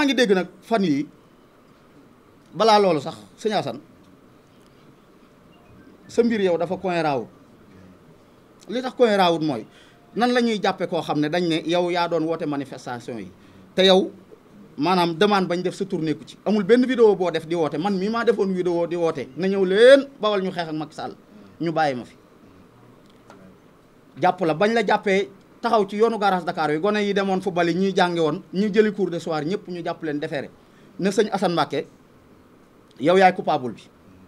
maa ngi dégg nag fan yi balaa loolu sax sëñ sa mbir yow dafa cohérent wut li tax cohérent wut mooy nan la ñuy jàppe koo xam ne dañ ne yow yaa doon woote manifestation yi te yow maanaam demande bañ def sa tournée ci amul benn vidéo boo def di woote man mii maa defoon vidéo di woote na ñëw leen bawal ñu xeex ak Macky ñu bàyyi ma fi jàpp la bañ la jàppee taxaw ci yoonu garage Dakar yi gone yi demoon football yi ñuy jànge woon ñu jëli cours de soir ñëpp ñu jàpp leen defeere ne sëñ Assane Mbacké yow yaay coupable bi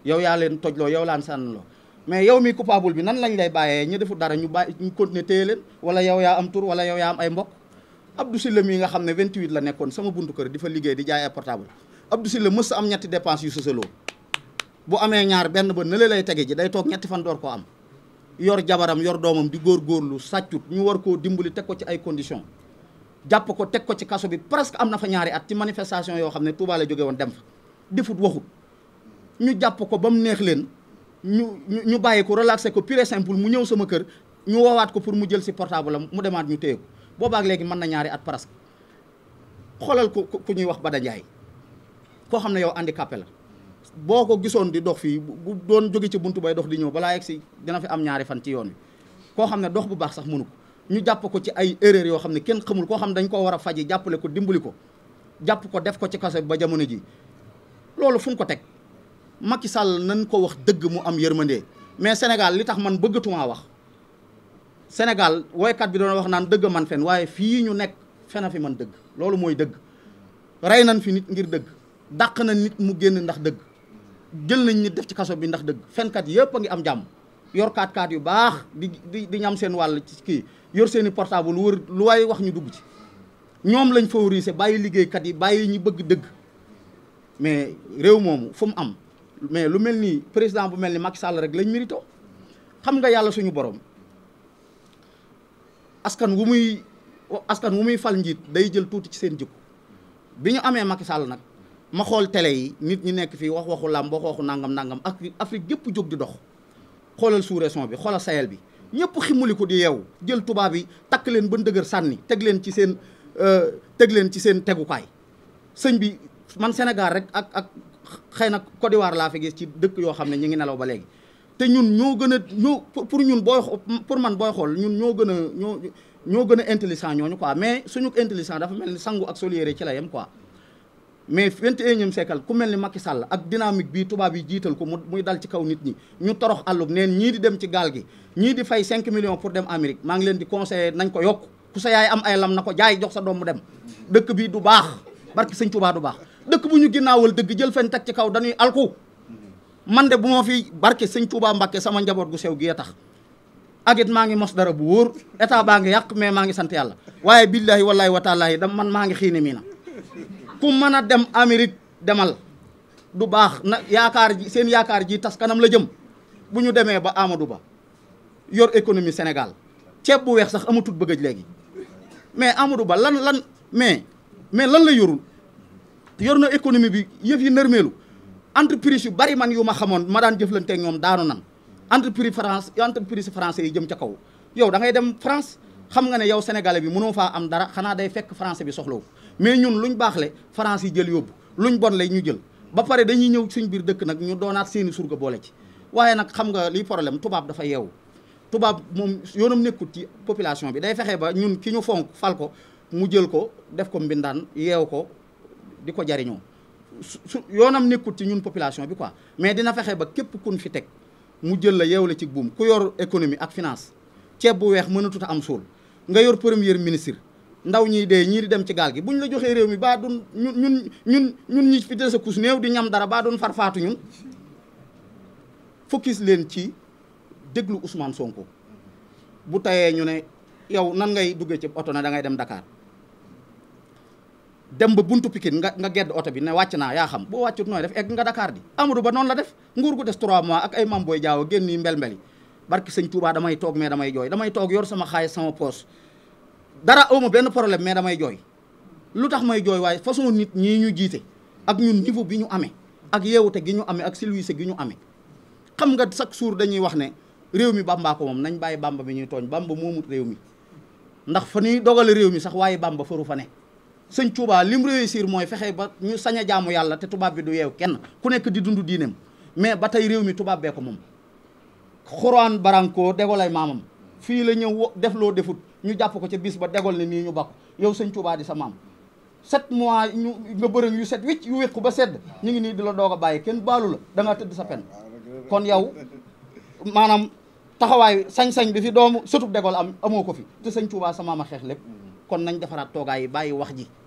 yaw yaa leen tojloo yow laan sànnloo mais yow mi coupable bi nan lañ lay bàyyee ñu defut dara ñu bàyyi ñu continuer téye leen wala yow yaa am tur wala yow yaa am ay mbokk Abdou Sylla mii nga xam ne 28 la nekkoon sama buntu kër di fa liggéey di jaay ay portable Abdou Sylla mës am ñetti dépense yu sësaloo bu amee ñaar benn ba nële lay tege ji day toog ñetti fan door koo am yor jabaram yor doomam di góor góorgóorlu sàccut ñu war koo dimbali teg ko ci ay conditions jàpp ko teg ko ci kaso bi presque am na fa ñaari at ci manifestation yoo xam ne Touba jóge woon dem fa defut waxut ñu jàpp ko ba mu neex leen ñu ñu bàyyi ko relaxé ko pure simple mu ñëw sama kër ñu woowaat ko pour mu jël si portable am mu demaat ñu téye ko boobaak léegi mën na ñaari at presque xoolal ko ku ñuy wax Bada Ndiaye koo xam ne yow àndi handicapé la boo ko gisoon di dox fii bu doon jóge ci bunt bay dox di ñëw balaa yegg si dina fi am ñaari fan ci yoon wi koo xam ne dox bu baax sax mënu ko ñu jàpp ko ci ay erreur yoo xam ne kenn xamul koo xam ne dañ koo war a faji jàppale ko dimbali ko jàpp ko def ko ci kaso ba jamono ji loolu fu ko teg Macky Sall nañ ko wax dëgg mu am yërmande mais Sénégal li tax man bëggatuma wax Sénégal woykat bi doon wax naan dëgg man fen waaye fii ñu nekk fena fi man dëgg loolu mooy dëgg rey nañ fi nit ngir dëgg dàq na nit mu génn ndax dëgg jël nañ nit def ci kaso bi ndax dëgg fenkat yëpp a ngi am jàmm yor kaat-kaat yu baax di di di ñam seen wàll ci kii yor seen i portable lu wër lu waaye wax ñu dugg ci ñoom lañ favoriser bàyyi liggéeykat yi bàyyi ñi bëgg dëgg mais réew moomu fu mu am mais lu mel ni président bu mel ni Macky sàll rek lañ mérito xam nga yàlla suñu borom askan wu muy askan wu muy fal njiit day jël tuuti ci seen jikko bi ñu amee Macky sàll nag ma xool télé yi nit ñi nekk fii wax waxu làmb wax waxu nangam nangam ak Afrique yëpp jóg di dox xoolal sous-région bi xoolal Sahel bi ñëpp ximuli ko di yeewu jël tubaab yi takk leen ba dëgër sànni teg leen ci seen euh, teg leen ci seen tegukaay sëñ bi man Sénégal rek ak ak xëy na Côte d'Ivoire laa fi gis ci dëkk yoo xam ne ñu ngi nelaw ba léegi te ñun ñoo gën a ñoo pour ñun booy pour man booy xool ñun ñoo gën a ñoo ñoo gën a intelligent ñooñu ko mais suñu intelligent dafa mel ni sangu ak soliére ci la yem quoi mais vingt et unième siècle ku mel ni Macky Sall ak dynamique bi tubaab yi jiital ko mu muy dal ci kaw nit ñi ñu torox àllub neen ñii di dem ci gaal gi ñii di fay cinq millions pour dem Amérique maa ngi leen di conseiller nañ ko yokk ku sa yaay am ay lam na ko jaay jox sa doom mu dem dëkk bi du baax barki sañ Tuubaa du baax dëkk bu ñu ginnaawal dëgg jël fen teg ci kaw dañuy alku man de bu ma fi barke sëñ Tuubaa Mbàkke sama njaboot gu sew gi ya tax ak maa ngi mos dara bu wóor état baa ngi yàq mais maa ngi sant yàlla waaye billaahi wallaahi wa taalaahi dam man maa ngi xiine mii na ku mën a dem Amérique demal du baax na yaakaar ji seen yaakaar ji tas kanam la jëm bu ñu demee ba Amadou Ba yor économie Sénégal ceeb bu weex sax amatul bëggaj léegi mais Amadou Ba lan lan mais mais lan la yorul yor na économie bi yëf yi nërmeelu entreprise yu bari man yu ma xamoon ma daan jëflante ak ñoom daano nan entreprise France entreprise français yi jëm ca kaw yow da ngay dem France xam nga ne yow sénégalais bi mënoo faa am dara xanaa day fekk français bi soxlawu mais ñun luñ baaxle France yi jël yóbbu luñ bon lay ñu jël ba pare dañuy ñëw suñ biir dëkk nag ñu doonaat seeni surga boole ci waaye nag xam nga liy problème tubaab dafa yeewu tubaab moom yoonam nekkut ci population bi day fexe ba ñun ki ñu fonk fal ko mu jël ko def ko mbindaan yeew ko di ko jariñoo su yoonam nekkut ci ñun population bi quoi mais dina fexe ba képp kun fi teg mu jël la yeew la ci buum ku yor économie ak finance ceeb bu weex mënatut am sool nga yor premier ministre ndaw ñii dee ñii di dem ci gaal gi bu ñu la joxee réew mi baa duñ ñun ñun ñun ñun ñi fi des a kus néew di ñam dara baa far faatu ñun focus leen ci déglu Ousmane Sonko bu tayee ñu ne yow nan ngay duggee ci oto na da ngay dem dakaar dem ba buntu Pikine nga gedd oto bi ne wàcc naa yaa xam boo wàccut nooy def egg nga Dakar di Amadou Ba noonu la def nguur gu des 3 mois ak ay Mame Boye Diao génn yi mbel-mbel yi barki sëñ Touba damay toog mais damay jooy damay toog yor sama xaalis sama dara awma benn problème mais damay jooy lu tax may jooy waaye façon nit ñii ñu jiite ak ñun niveau bi ñu amee ak yeewute gi ñu amee ak silwise gi ñu amee xam nga chaque jour dañuy wax ne réew mi bàmbaa moom nañ bàyyi bàmba bi ñuy tooñ bàmba moomut réew mi ndax fa ñuy dogale réew mi sax waaye bàmba faru fa ne sëñ Touba lim réussir mooy fexe ba ñu sañ a jaamu yàlla te tubaab bi du yeew kenn ku nekk di dund diineem mais ba tey réew mi tubaab bee ko moom xuraan barankoo degolay maamam fii la ñëw def loo defut ñu jàpp ko ca bis ba degol ne nii ñu bakk yow sëñ Tuubaa di sa maam set mois ñu nga bërëng yu set wicc yu wéqu ba sedd ñu ngi nii di la doog a bàyyi kenn baalu la da tëdd sa pen kon yow maanaam taxawaayu sañ-sañ bi fi doomu sëtub degol am amoo ko fi te sëñ Tuubaa sa maam a xeex lépp kon nañ defaraat toogaay yi bàyyi wax ji